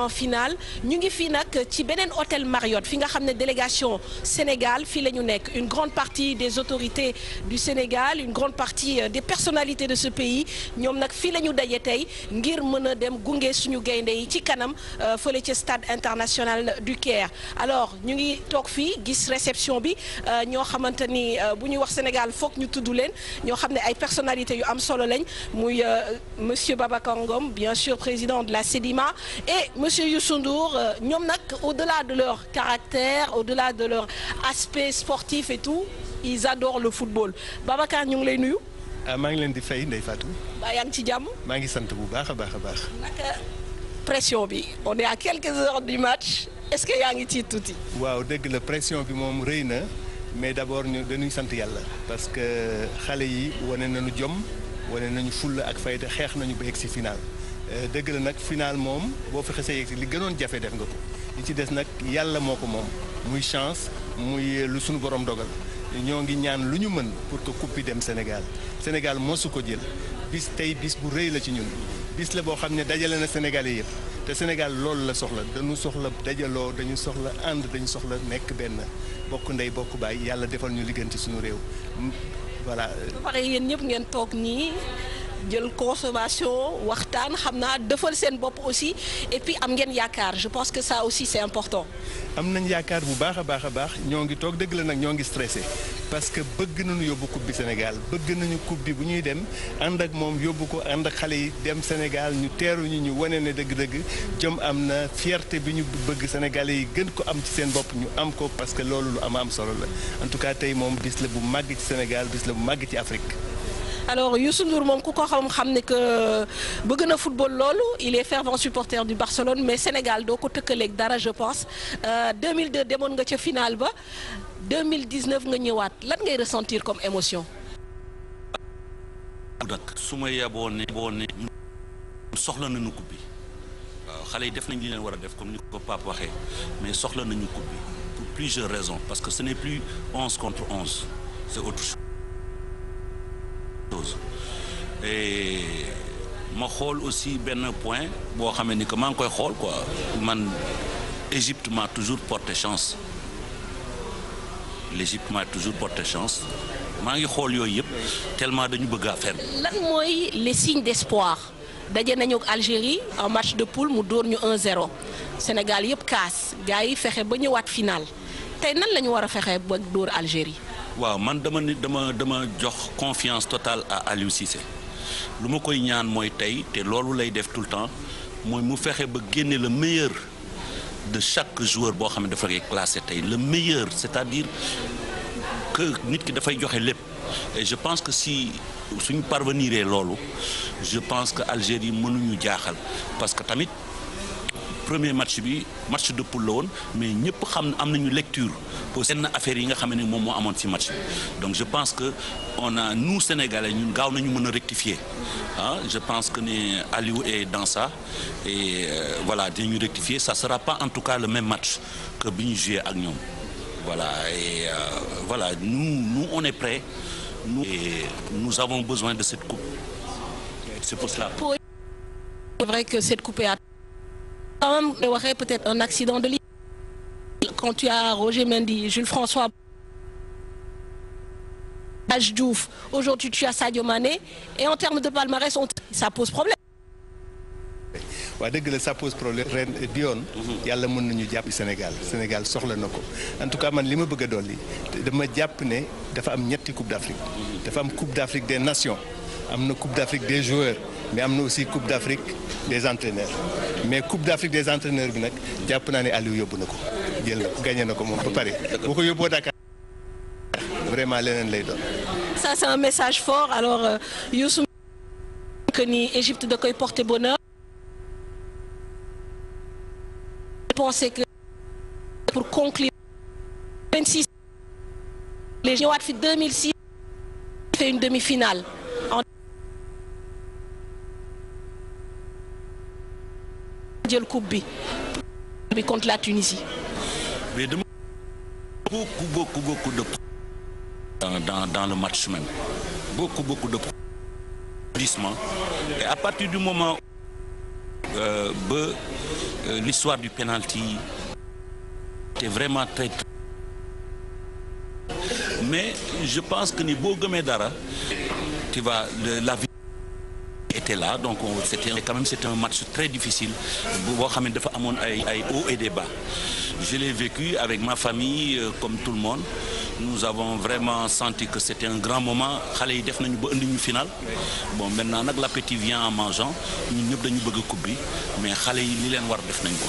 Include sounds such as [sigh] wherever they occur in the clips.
en finale ñu ngi fii nag ci beneen hôtel Marriott fi nga xam ne délégation Sénégal fii la ñu nekk une grande partie des autorités du Sénégal une grande partie euh, des personnalités de ce pays ñoom nag fii la ñu daje tey ngir mën a dem gunge suñu gaynde yi ci kanam euh, fële ci stade international du Caire alors ñu ngi toog fii gis réception bi euh, ñoo xamante ni bu ñuy wax Sénégal foog ñu tudd leen ñoo xam ne ay personnalités yu am solo lañ muy monsieur Babacar Ngom bien sûr président la Sedima monsieur Youssou euh, ñoom nag au-delà de leur caractère au-delà de leur aspect sportif et tout ils adorent le football Babacar ñu ngi lay nuyu. Ah, maa ngi leen di fay Ndeye Fatou. waa yaa ngi ci jàmm. maa ngi sant bu baax a baax a baax. pression bi on est à quelques heures du match est-ce que yaa ngi ci tuuti. waaw dëgg la pression bi moom rëy na mais d'abord ñu dañuy sant yàlla. parce que xale yi wane nañu jom wane nañu fulla ak fayda xeex nañu ba egg si final. Euh, dëgg la nag final moom boo fi xasee yegg li gënoon jafe def nga ko li ci des nag yàlla moo ko moom muy chance muy euh, lu suñu boroom dogal ñoo ngi ñaan lu ñu mën pour que coupe dem Sénégal Sénégal mosu ko jël bis tey bis bu rëy la ci ñun bis la boo xam ne dajale na Sénégalais yëpp te Sénégal loolu la soxla dañu soxla dajaloo dañu soxla ànd dañu soxla nekk benn bokk ndey bokk baay yàlla defal ñu liggéeyante suñu réew voilà. ba pare yéen ñëpp ngeen jël consommation waxtaan xam naa defal seen bopp aussi et puis am ngeen yaakaar je pense que ça aussi c'est important. am nañ yaakaar bu baax a baax a baax ñoo ngi toog dëgg la nag ñoo ngi stressé parce que bëgg nañu yóbbu coupe bi Sénégal bëgg nañu coupe bi bu ñuy dem ànd ak moom yóbbu ko ànd ak xale yi dem Sénégal ñu teeru ñu ñu wane ne dëgg-dëgg jom am na fierte bi ñu bëgg Sénégalais yi gën ko am ci seen bopp ñu am ko parce que loolu lu am am solo la en tout cas tey moom bis bu màgg ci Sénégal bis la bu màgg ci Afrique. alors Youssou Ndour moom ku ko xam xam ne que euh, bëgg na football loolu il est fervent supporter du Barcelone mais Sénégal doo ko tëkkaleek dara je pense euh, mille 2002 demoon nga ca finale ba 2019 nga ñëwaat lan ngay ressentir comme émotion. nag su ma yeboo ne boo ne soxla nañu coupe bi waaw xale yi def nañ li leen war def comme ni ko Pape waxee mais soxla nañu coupe bi pour plusieurs raisons parce que ce n'est plus onze contre onze c'est autre chose et ma xool aussi benn point boo xamee ni que maa ngi koy xool quoi man Égypte m'a toujours porté chance l'Égypte m'a toujours porté chance maa ngi xool yooyu yëpp tellement dañu bëgg affaire bi. lan mooy les signes d'espoir daje nañu ak Algérie en match de poule mu dóor ñu 1 Sénégal yëpp kaas gars yi fexe ba ñëwaat final tey nan la ñu war a fexe ba dóor Algérie. waaw man dama ni dama jox confiance totale à Aliou lu ma koy ñaan mooy tey te loolu lay def tout le temps mooy mu fexe ba génne la meilleur de chaque joueur boo xam ne dafa koy classé tey le meilleur c'est-à-dire que nit ki dafay joxe lépp et je pense que si suñu parvenir loolu je pense que Algérie mënuñu jaaxal parce que tamit. premier match bi match de poule la mais ñëpp xam am nañu lecture pour seen affaire yi nga xam ne moom moo amoon ci match donc je pense que on a nous Sénégalais ñun gaaw nañu mën a rectifier ah je pense que ne Aliou est dans ça et euh, voilà dinañu rectifier ça sera pas en tout cas le même match que bi ñu joué ak ñoom voilà et euh, voilà nous on est prêts nous avons besoin de cette coupe c'est pour cela. quand waxee peut-être un accident de l'île quand tu as Roger Mendy Jules François Aj aujourd'hui tu as Sadio Mané et en termes de palmarès on ça pose problème waa dëgg la ça pose problème Dione yàlla mën nañu jàpp Sénégal Sénégal soxla na ko en tout cas man li ma bëgg a dolli dama jàpp ne dafa am ñetti coupe d'Afrique dafa am coupe d'Afrique des nations am na coupe d'Afrique des joueurs mais am na aussi Coupe d'Afrique des entraîneurs mais Coupe d'Afrique des entraîneurs bi nag jàpp naa ne Aliou yóbbu na ko jël na ko gagné na ko moom ba pare ko yóbboo Dakar vraiment leneen lay doon. ça c'est un message fort alors euh, que ni Égypte da koy porter bonheur. penser que pour conclure 26 les ñëwaat fi 2006 fait une demi-finale. jël coupe bi bi contre la Tunisie. mais dama beaucoup beaucoup de dans dans le match même beaucoup beaucoup de applaudissements et à partir du moment euh, ba euh, l'histoire du penalty était vraiment très, mais je pense que ni boo gëmee dara tu vas la vie était là donc c'était quand même c'était un match très difficile boo xam ne dafa amoon ay ay hauts et des bas je l'ai vécu avec ma famille euh, comme tout le monde nous avons vraiment senti que c'était un grand moment xale yi def nañu ba indi ñu final bon maintenant nag l'appétit vient en mangeant ñun ñëpp dañu bëgg coupe bi mais xale yi ni leen war def nañ ko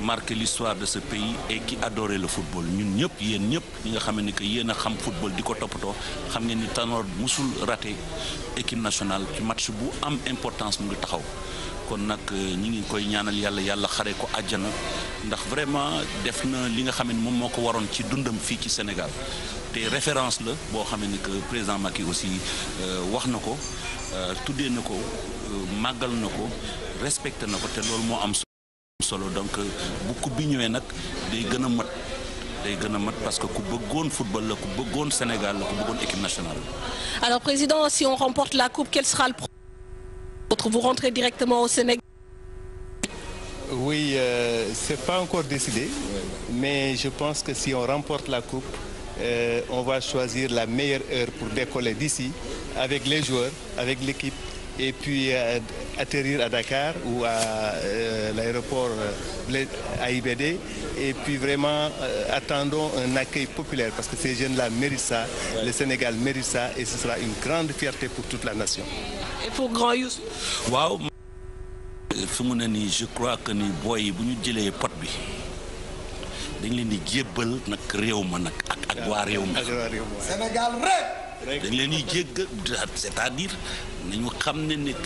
marqué l'histoire de ce pays et qui adorait le football ñun ñëpp yéen ñëpp ñi nga xam ne que yéen xam football di ko toppatoo xam ngeen ni Tanor musul raté équipe nationale ci match bu am importance mu ngi taxaw kon nag euh, ñi ngi koy ñaanal yàlla yàlla xare ko àjjana ndax vraiment def na li nga xam ne moom moo ko waroon ci dundam fii ci Sénégal te référence la boo xam ne président ma Macky aussi euh, wax na ko euh, tuddee na ko màggal na ko respecté na ko te loolu solo donc bu coupe bi ñëwee nag day gën a mat day gën a mat parce que ku bëggoon football la ku bëggoon Sénégal la ku bëggoon équipe nationale la. alors président si on remporte la coupe quel sera le prochain vous rentrez directement au Sénégal. oui euh, c'est pas encore décidé mais je pense que si on remporte la coupe euh, on va choisir la meilleure heure pour décoller d'ici avec les joueurs avec l'équipe et puis euh, atterrir à Dakar ou à euh, l'aéroport AIBD. Euh, et puis vraiment, euh, attendons un accueil populaire parce que ces jeunes-là méritent ça, ouais. le Sénégal mérite et ce sera une grande fierté pour toute la nation. Et pour Grand Youssou Waaw fi mu ne nii je crois que ni boy bu ñu jëlee pot bi dañ leen di jébal nag réew ma nag ak ak waa réew ma Sénégal rek dañ leen di jégg c'est-à-dire nañu xam ne nit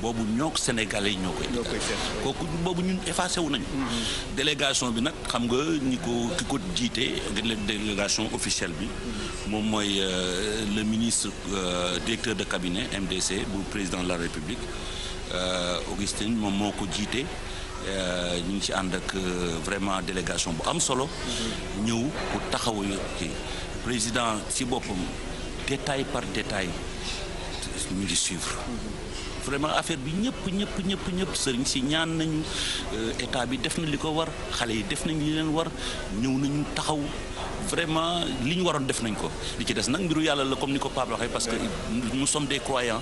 boobu ñoo ko yi ñoo koy def kooku boobu ñun effacé wu nañu mm-hmm. délégation bi nag xam nga ñi ko ki ko jiite délégation officielle bi mm-hmm. moom mooy euh, le ministre euh, directeur de cabinet MDC bu président de la République euh, Augustin moom moo ko jiite ñu ngi ci ànd ak vraiment délégation bu am solo mm-hmm. ñëw ku taxawu kii président ci boppam détail par détail presse bi ñu ngi suivre vraiment affaire bi ñëpp ñëpp ñëpp ñëpp sëriñ si ñaan nañu euh, état bi def na li ko war xale yi def nañ li leen war ñëw nañu taxaw vraiment li ñu waroon def nañ ko li ci des nag mbiru yàlla la comme ni ko Pape waxee parce que nous sommes des croyants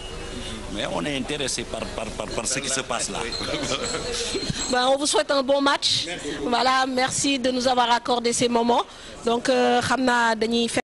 mais on est intéressé par par par par ce qui se passe là. [laughs] Bah, on vous souhaite un bon match. Voilà, merci de nous avoir accordé ces moments. Donc euh, xam naa dañuy